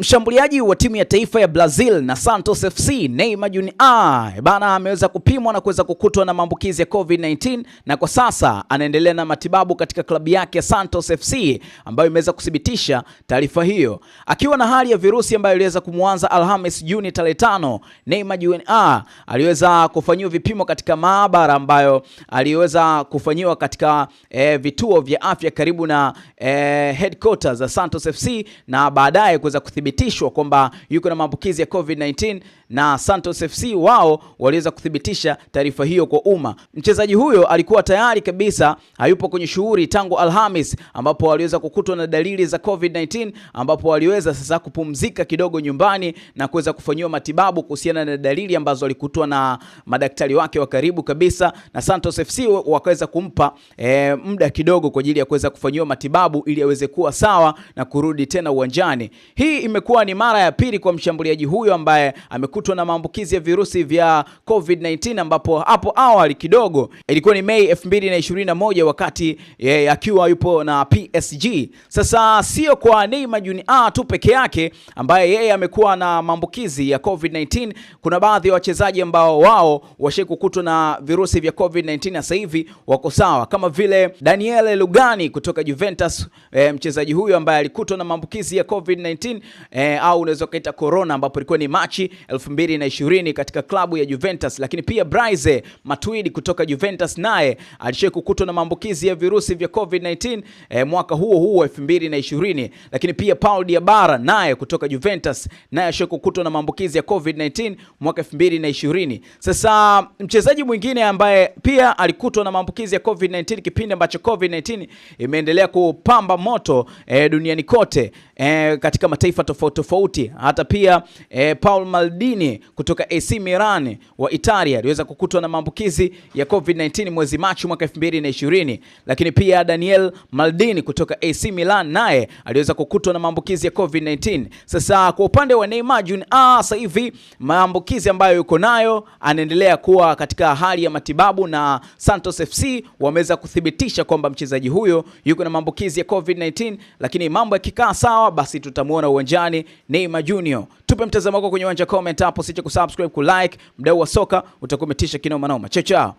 Mshambuliaji wa timu ya taifa ya Brazil na Santos FC Neymar Jr bana ameweza kupimwa na kuweza kukutwa na maambukizi ya COVID-19 na kwa sasa anaendelea na matibabu katika klabu yake ya Santos FC ambayo imeweza kuthibitisha taarifa hiyo. Akiwa na hali ya virusi ambayo iliweza kumwanza Alhamis Juni tarehe tano, Neymar Jr aliweza kufanyiwa vipimo katika maabara ambayo aliweza kufanyiwa katika eh, vituo vya afya karibu na eh, headquarters za Santos FC na baadaye kuweza kuthibitisha kuthibitishwa kwamba yuko na maambukizi ya COVID-19 na Santos FC wao waliweza kuthibitisha taarifa hiyo kwa umma. Mchezaji huyo alikuwa tayari kabisa hayupo kwenye shughuli tangu Alhamis, ambapo waliweza kukutwa na dalili za COVID-19, ambapo waliweza sasa kupumzika kidogo nyumbani na kuweza kufanyiwa matibabu kuhusiana na dalili ambazo alikutwa na madaktari wake wa karibu kabisa, na Santos FC wakaweza kumpa e, muda kidogo kwa ajili ya kuweza kufanyiwa matibabu ili aweze kuwa sawa na kurudi tena uwanjani. Hii ime imekuwa ni mara ya pili kwa mshambuliaji huyo ambaye amekutwa na maambukizi ya virusi vya COVID-19, ambapo hapo awali kidogo ilikuwa ni Mei 2021 wakati ye, akiwa yupo na PSG. Sasa sio kwa Neymar Jr ah, tu peke yake ambaye yeye amekuwa na maambukizi ya COVID-19. Kuna baadhi ya wachezaji ambao wao washai kukutwa na virusi vya COVID-19 na sasa hivi wako sawa, kama vile Daniele Lugani kutoka Juventus. E, mchezaji huyo ambaye alikutwa na maambukizi ya COVID-19 e, au unaweza ukaita corona, ambapo ilikuwa ni Machi 2020 katika klabu ya Juventus. Lakini pia Blaise Matuidi kutoka Juventus naye alishawahi kukutwa na maambukizi ya virusi vya COVID-19 e, eh, mwaka huo huo 2020. Lakini pia Paul Diabara naye kutoka Juventus naye alishawahi kukutwa na maambukizi ya COVID-19 mwaka 2020. Sasa mchezaji mwingine ambaye pia alikutwa na maambukizi ya COVID-19 kipindi ambacho COVID-19 imeendelea kupamba moto e, duniani kote e, katika mataifa tofauti tofauti. Hata pia e, Paul Maldini kutoka AC Milan wa Italia aliweza kukutwa na maambukizi ya COVID-19 mwezi Machi mwaka 2020, lakini pia Daniel Maldini kutoka AC Milan naye aliweza kukutwa na maambukizi ya COVID-19. Sasa kwa upande wa Neymar Jr, ah, sasa hivi maambukizi ambayo yuko nayo anaendelea kuwa katika hali ya matibabu na Santos FC wameweza kuthibitisha kwamba mchezaji huyo yuko na maambukizi ya COVID-19, lakini mambo yakikaa sawa basi tutamuona uwanjani Neymar Junior. Tupe mtazamo wako kwenye uwanja comment hapo, sicha kusubscribe, kulike. Mdau wa soka utakuwa umetisha kinoma noma. Chao chao.